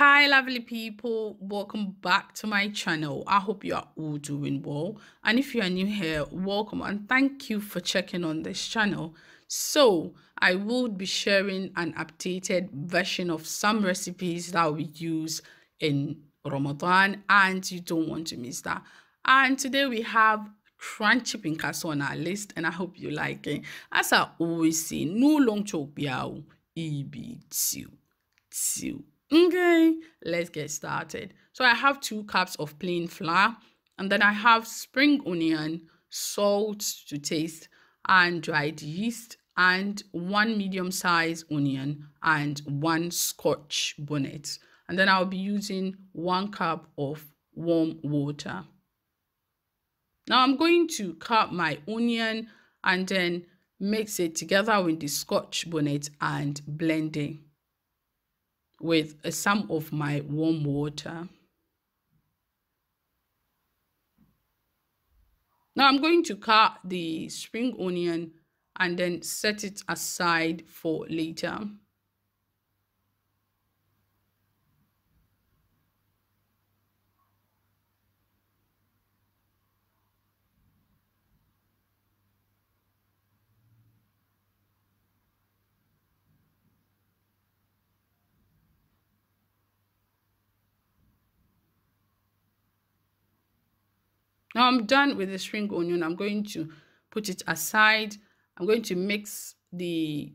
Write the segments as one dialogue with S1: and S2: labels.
S1: hi lovely people welcome back to my channel i hope you are all doing well and if you are new here welcome and thank you for checking on this channel so i will be sharing an updated version of some recipes that we use in ramadan and you don't want to miss that and today we have crunchy pinkaso on our list and i hope you like it as i always say no long choke biao ebi tiu tiu Okay, let's get started. So I have two cups of plain flour and then I mm-hmm. have spring onion, salt to taste and dried yeast and one medium sized onion and one scotch bonnet. And then I'll be using one cup of warm water. Now I'm going to cut my onion and then mix it together with the scotch bonnet and blending with uh, some of my warm water. Now I'm going to cut the spring onion and then set it aside for later. Now I'm done with the spring onion. I'm going to put it aside. I'm going to mix the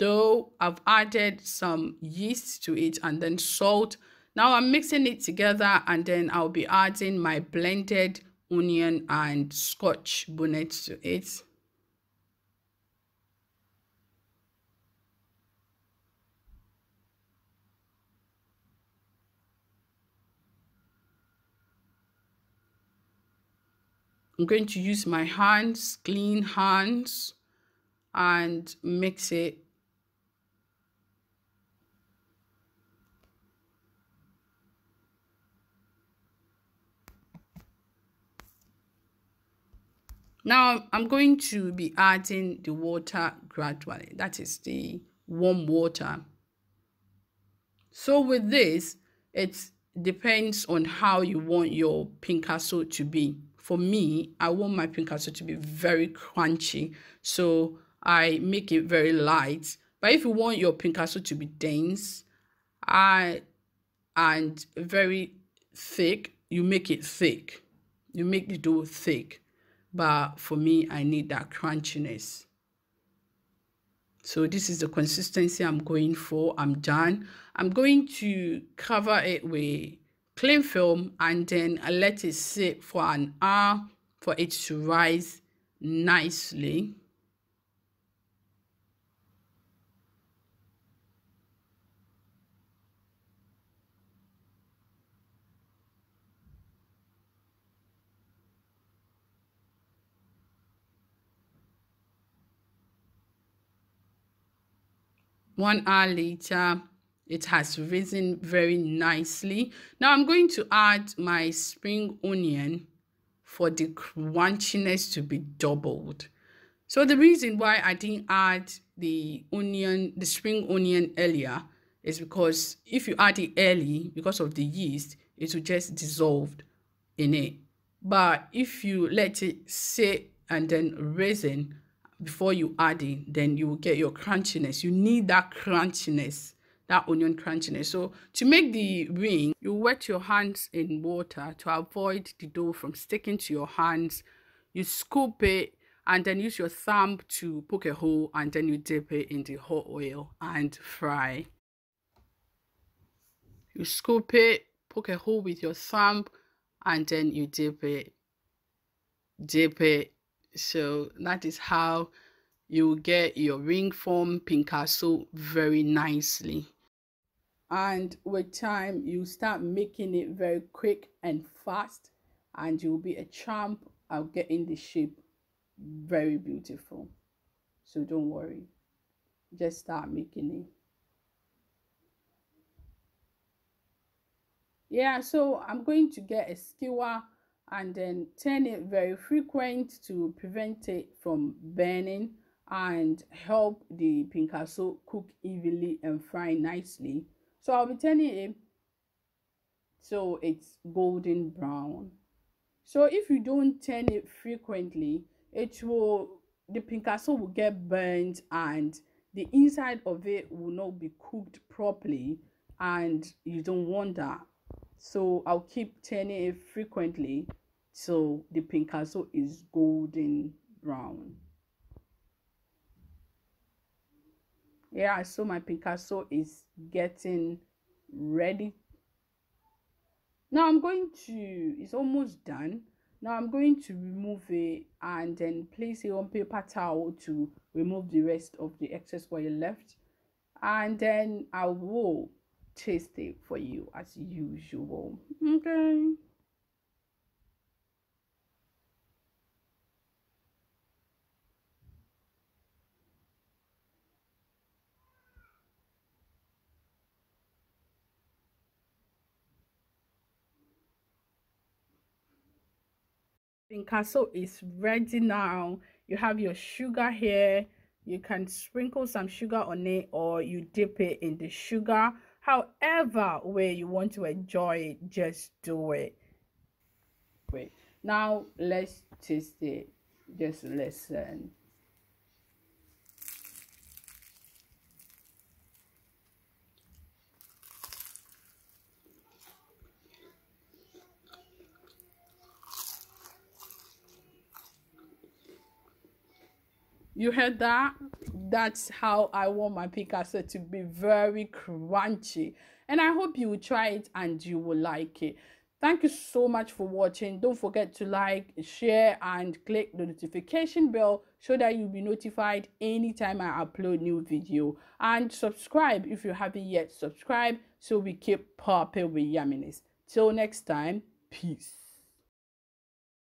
S1: dough. I've added some yeast to it and then salt. Now I'm mixing it together and then I'll be adding my blended onion and scotch bonnet to it. I'm going to use my hands, clean hands, and mix it. Now I'm going to be adding the water gradually. That is the warm water. So with this, it depends on how you want your pink castle to be for me, I want my pink castle to be very crunchy. So I make it very light. But if you want your pink castle to be dense I, and very thick, you make it thick. You make the dough thick. But for me, I need that crunchiness. So this is the consistency I'm going for. I'm done. I'm going to cover it with clean film and then I let it sit for an hour for it to rise nicely. One hour later, it has risen very nicely now i'm going to add my spring onion for the crunchiness to be doubled so the reason why i didn't add the onion the spring onion earlier is because if you add it early because of the yeast it will just dissolve in it but if you let it sit and then raisin before you add it then you will get your crunchiness you need that crunchiness that onion crunchiness. So to make the wing, you wet your hands in water to avoid the dough from sticking to your hands. You scoop it and then use your thumb to poke a hole and then you dip it in the hot oil and fry. You scoop it, poke a hole with your thumb and then you dip it. Dip it. So that is how you get your ring form pinkasso very nicely and with time you start making it very quick and fast and you'll be a champ at getting the shape very beautiful so don't worry just start making it yeah so i'm going to get a skewer and then turn it very frequent to prevent it from burning and help the pincasso cook evenly and fry nicely so I'll be turning it so it's golden brown. So if you don't turn it frequently, it will the picasso will get burnt and the inside of it will not be cooked properly and you don't want that. So I'll keep turning it frequently so the picasso is golden brown. yeah so my picasso is getting ready now i'm going to it's almost done now i'm going to remove it and then place it on paper towel to remove the rest of the excess oil left and then i will taste it for you as usual okay Picasso is ready now. You have your sugar here. You can sprinkle some sugar on it or you dip it in the sugar. However way you want to enjoy it, just do it. Wait, now let's taste it. Just listen. You heard that? That's how I want my Picasso to be very crunchy. And I hope you will try it and you will like it. Thank you so much for watching. Don't forget to like, share, and click the notification bell so that you'll be notified anytime I upload new video. And subscribe if you haven't yet subscribe so we keep popping with yumminess. Till next time, peace.